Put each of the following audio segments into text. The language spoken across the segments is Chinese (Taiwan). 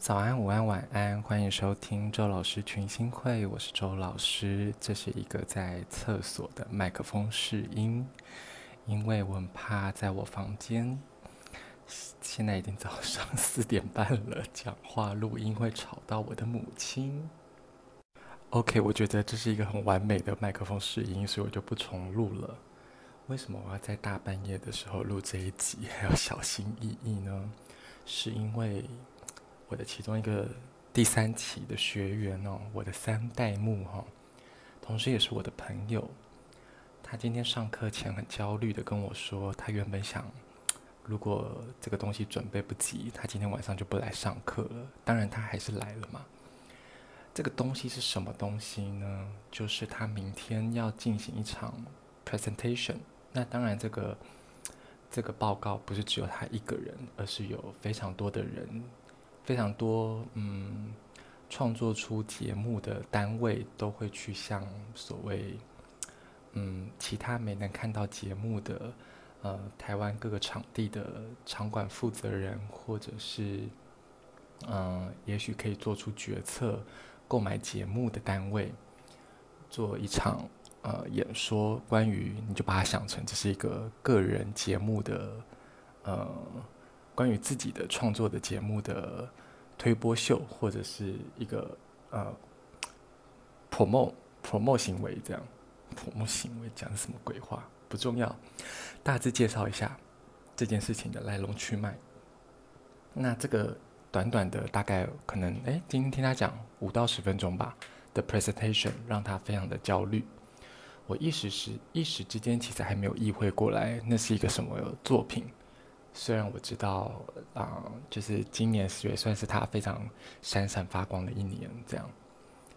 早安，午安，晚安，歡迎收聽周老師群星會，我是周老師，這是一個在廁所的麥克風試音，因為我很怕在我房間，現在已經早上四點半了，講話錄音會吵到我的母親。OK，我覺得這是一個很完美的麥克風試音，所以我就不重錄了。為什麼我要在大半夜的時候錄這一集還要小心翼翼呢？是因為。我的其中一個第三期的學員哦，我的三代目哦，哈，同時也是我的朋友，他今天上課前很焦慮的跟我說，他原本想，如果這個東西準備不及，他今天晚上就不來上課了。當然，他還是來了嘛。這個東西是什麼東西呢？就是他明天要進行一場 presentation。那當然，這個這個報告不是只有他一個人，而是有非常多的人。非常多，嗯，創作出節目的單位都會去向所謂，嗯，其他沒能看到節目的，呃，台灣各個場地的場館負責人，或者是，嗯、呃，也許可以做出決策購買節目的單位，做一場呃演說，關於你就把它想成這是一個個人節目的，呃。關於自己的創作的節目的推播秀，或者是一個呃 promote promote promote 行為，這樣 promote 行為講什麼鬼話不重要，大致介紹一下這件事情的來龍去脈。那這個短短的大概可能哎，今天聽，聽他講五到十分鐘吧的 presentation 讓他非常的焦慮。我一時時一時之間，其實還沒有意會過來那是一個什麼作品。雖然我知道，啊、嗯，就是今年十月算是他非常閃閃發光的一年，這樣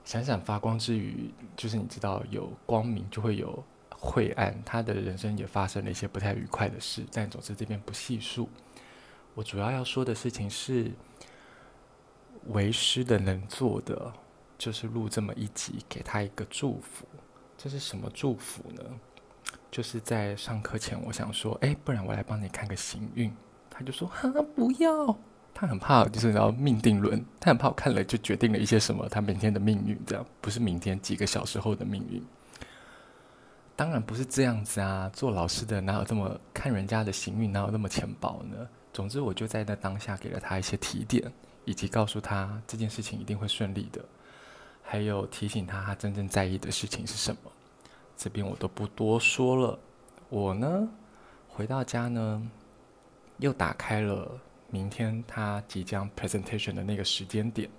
閃閃發光之餘，就是你知道有光明就會有晦暗，他的人生也發生了一些不太愉快的事，但總之這邊不細數。我主要要說的事情是，為師的能做的就是錄這麼一集，給他一個祝福。這是什麼祝福呢？就是在上課前，我想說，誒，不然我來幫你看個行運。他就說，哈、啊，不要，他很怕，就是要命定論，他很怕我看了就決定了一些什麼，他明天的命運這樣，不是明天幾個小時後的命運。當然不是這樣子啊，做老師的哪有這麼看人家的行運，哪有那麼淺薄呢？總之，我就在那當下給了他一些提點，以及告訴他這件事情一定會順利的，還有提醒他他真正在意的事情是什麼。這邊我都不多說了，我呢回到家呢，又打開了明天他即將 presentation 的那個時間點，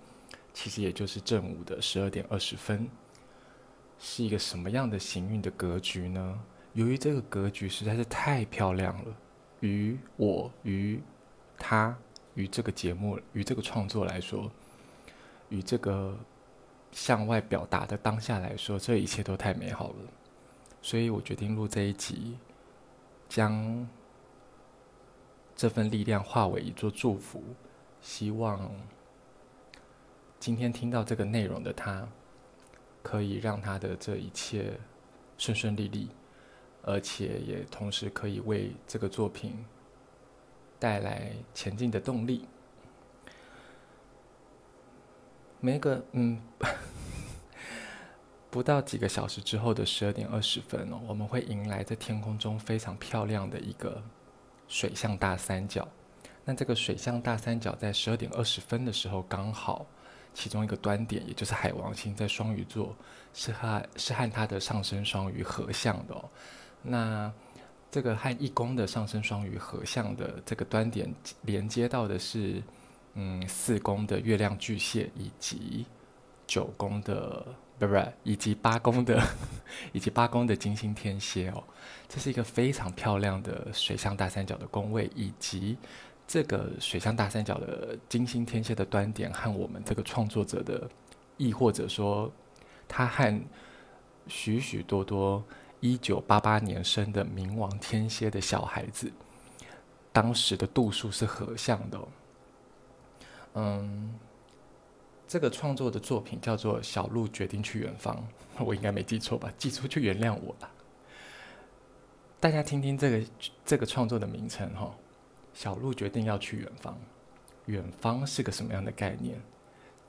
其實也就是正午的十二點二十分，是一個什麼樣的行運的格局呢？由於這個格局實在是太漂亮了，於我、於他、於這個節目、於這個創作來說，與這個向外表達的當下來說，這一切都太美好了。所以我決定錄這一集，將這份力量化為一座祝福，希望今天聽到這個內容的他，可以讓他的這一切順順利利，而且也同時可以為這個作品帶來前進的動力。沒個嗯。不到幾個小時之後的十二點二十分哦，我們會迎來在天空中非常漂亮的一個水象大三角。那這個水象大三角在十二點二十分的時候剛好，其中一個端點也就是海王星在雙魚座，是和是和它的上升雙魚合相的哦。那這個和一宮的上升雙魚合相的這個端點連接到的是嗯，四宮的月亮巨蟹以及九宮的。不不，以及八宮的，以及八宮的金星天蠍哦，這是一個非常漂亮的水象大三角的宮位，以及這個水象大三角的金星天蠍的端點和我們這個創作者的，亦或者說他和許許多多一九八八年生的冥王天蠍的小孩子，當時的度數是合相的，哦，嗯。這個創作的作品叫做《小鹿決定去遠方》， 我應該沒記錯吧？記錯就原諒我吧。大家聽聽這個這個創作的名稱哈、哦，《小鹿決定要去遠方》，遠方是個什麼樣的概念？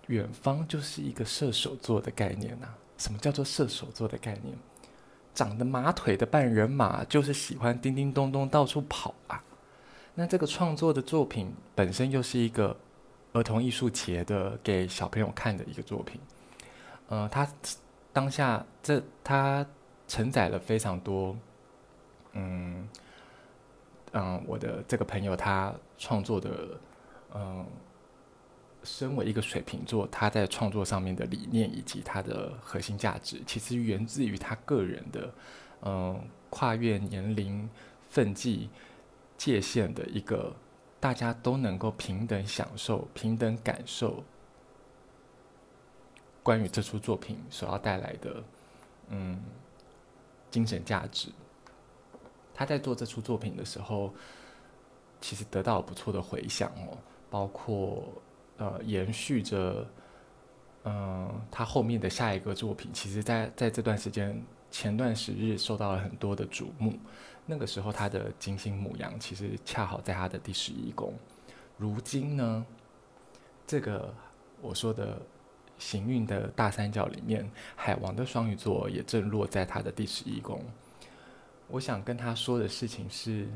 遠方就是一個射手座的概念吶、啊。什麼叫做射手座的概念？長得馬腿的半人馬，就是喜歡叮叮咚咚到處跑啊。那這個創作的作品本身又是一個。兒童藝術節的給小朋友看的一個作品，嗯、呃，他當下這他承載了非常多，嗯嗯、呃，我的這個朋友他創作的，嗯、呃，身為一個水瓶座，他在創作上面的理念以及他的核心價值，其實源自於他個人的，嗯、呃，跨越年齡、分級界限的一個，大家都能夠平等享受、平等感受。關於這出作品所要帶來的，嗯，精神價值，他在做這出作品的時候，其實得到了不錯的回響哦，包括呃，延續着，嗯、呃，他後面的下一個作品，其實在，在在這段時間。前段時日受到了很多的矚目，那個時候他的金星牡羊其實恰好在他的第十一宮。如今呢，這個我說的行運的大三角裡面，海王的雙魚座也正落在他的第十一宮。我想跟他說的事情是，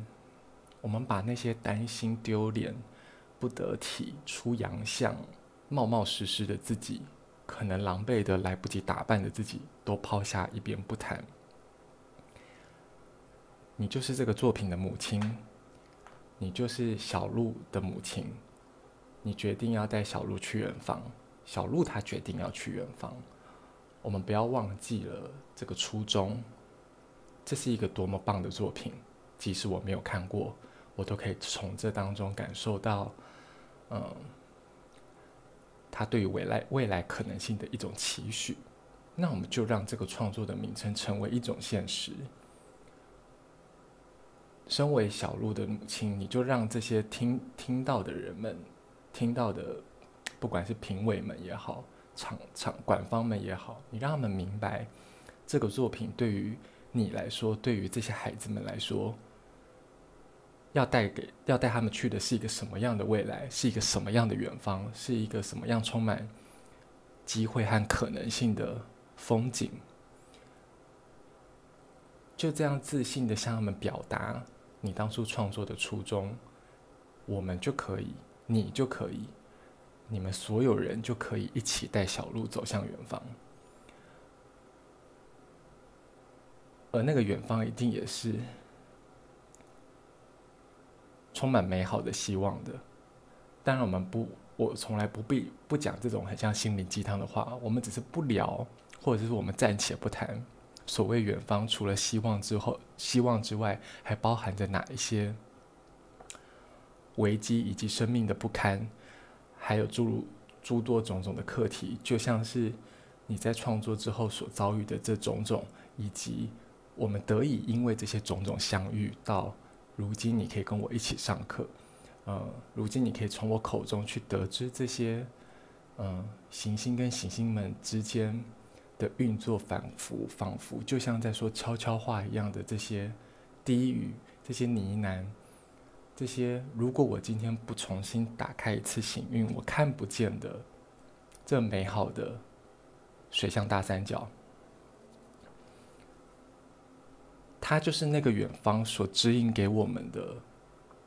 我們把那些擔心丟臉、不得體、出洋相、冒冒失失的自己。可能狼狽的來不及打扮的自己都拋下一邊不談。你就是這個作品的母親，你就是小鹿的母親，你決定要帶小鹿去遠方，小鹿他決定要去遠方。我們不要忘記了這個初衷，這是一個多麼棒的作品，即使我沒有看過，我都可以從這當中感受到，嗯。他對於未來未來可能性，的一種期許，那我們就讓這個創作的名稱成為一種現實。身為小鹿的母親，你就讓這些聽聽到的人們，聽到的，不管是評委們也好，場場館方們也好，你讓他們明白，這個作品對於你來說，對於這些孩子們來說。要帶給要帶他們去的是一個什麼樣的未來？是一個什麼樣的遠方？是一個什麼樣充滿機會和可能性的風景？就這樣自信的向他們表達你當初創作的初衷，我們就可以，你就可以，你們所有人就可以一起帶小路走向遠方，而那個遠方一定也是，充滿美好的希望的，當然我們不，我從來不必不講這種很像心靈雞湯的話。我們只是不聊，或者是我們暫且不談所謂遠方，除了希望之後，希望之外，還包含着哪一些危機以及生命的不堪，還有諸如諸多種種的課題，就像是你在創作之後所遭遇的這種種，以及我們得以因為這些種種相遇到，如今你可以跟我一起上課，呃，如今你可以從我口中去得知這些，嗯、呃，行星跟行星們之間的運作彷彿，仿佛就像在說悄悄話一樣的這些低語、這些呢喃、這些。如果我今天不重新打開一次行運，我看不見的這美好的水象大三角。它就是那個遠方所指引給我們的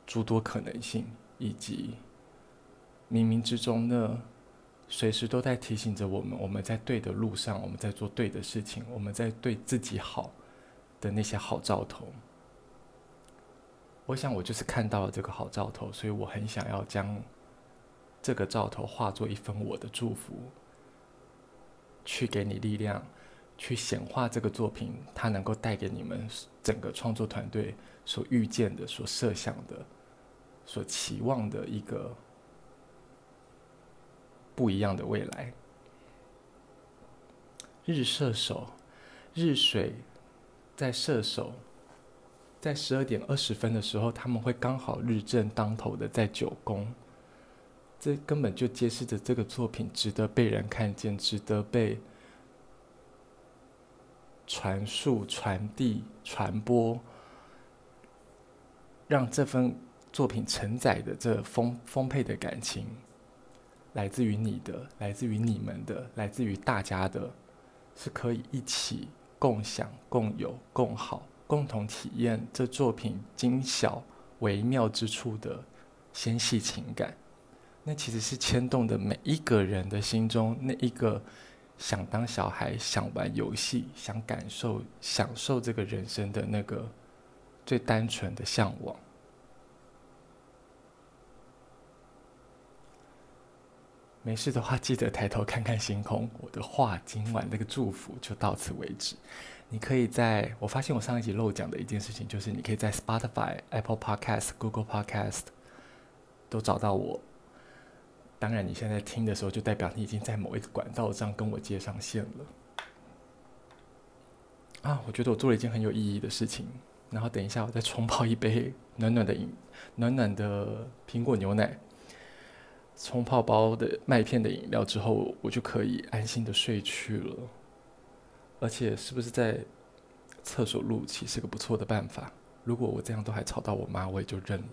諸多可能性，以及冥冥之中呢，隨時都在提醒着我們，我們在對的路上，我們在做對的事情，我們在對自己好的那些好兆頭。我想，我就是看到了這個好兆頭，所以我很想要將這個兆頭化作一份我的祝福，去給你力量。去顯化這個作品，它能夠帶給你們整個創作團隊所預見的、所設想的、所期望的一個不一樣的未來。日射手，日水在射手，在十二點二十分的時候，他們會剛好日正當頭的在九宮，這根本就揭示着這個作品值得被人看見，值得被傳述、傳遞、傳播，讓這份作品承載的這豐豐沛的感情，來自於你的，來自於你們的，來自於大家的，是可以一起共享、共有、共好、共同體驗這作品精小微妙之處的纖細情感。那其實是牽動的每一個人的心中那一個。想當小孩，想玩遊戲，想感受，享受這個人生的那個最單純的嚮往。沒事的話，記得抬頭看看星空。我的話，今晚那個祝福就到此為止。你可以在我發現我上一集漏講的一件事情，就是你可以在 Spotify、Apple Podcast、Google Podcast 都找到我。當然，你現在聽的時候，就代表你已經在某一個管道上跟我接上線了。啊，我覺得我做了一件很有意義的事情。然後等一下，我再沖泡一杯暖暖的飲、暖暖的蘋果牛奶、沖泡包的麥片的飲料之後，我就可以安心的睡去了。而且，是不是在廁所錄？其實是個不錯的辦法？如果我這樣都還吵到我媽，我也就認了。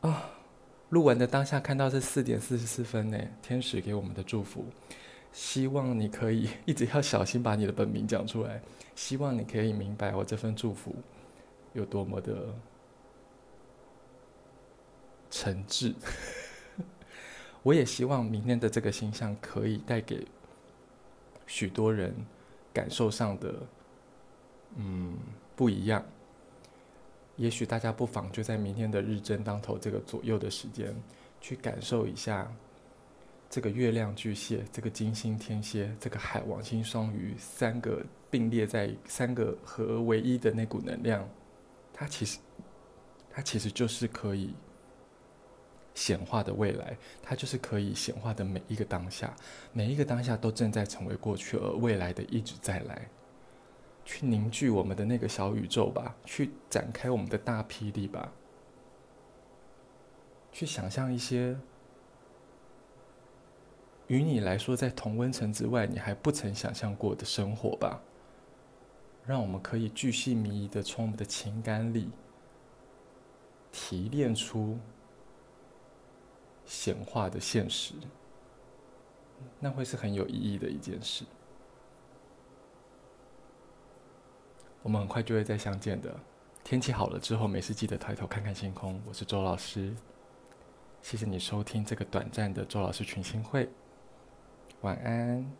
啊！錄完、oh, 的當下看到是四點四十四分呢。天使給我們的祝福，希望你可以一直要小心把你的本名講出來。希望你可以明白我這份祝福有多麼的誠摯。 我也希望明天的這個形象可以帶給許多人感受上的嗯不一樣。也許大家不妨就在明天的日正當頭這個左右的時間，去感受一下這個月亮巨蟹、這個金星天蠍、這個海王星雙魚三個並列在三個合而為一的那股能量，它其實它其實就是可以顯化的未來，它就是可以顯化的每一個當下，每一個當下都正在成為過去，而未來的一直在來。去凝聚我們的那個小宇宙吧，去展開我們的大霹靂吧。去想象一些與你來說在同溫層之外你還不曾想象過的生活吧。讓我們可以巨細靡遺的從我們的情感裡提煉出顯化的現實，那會是很有意義的一件事。我們很快就會再相見的。天氣好了之後，沒事記得抬頭看看星空。我是周老師，謝謝你收聽這個短暫的周老師群星會。晚安。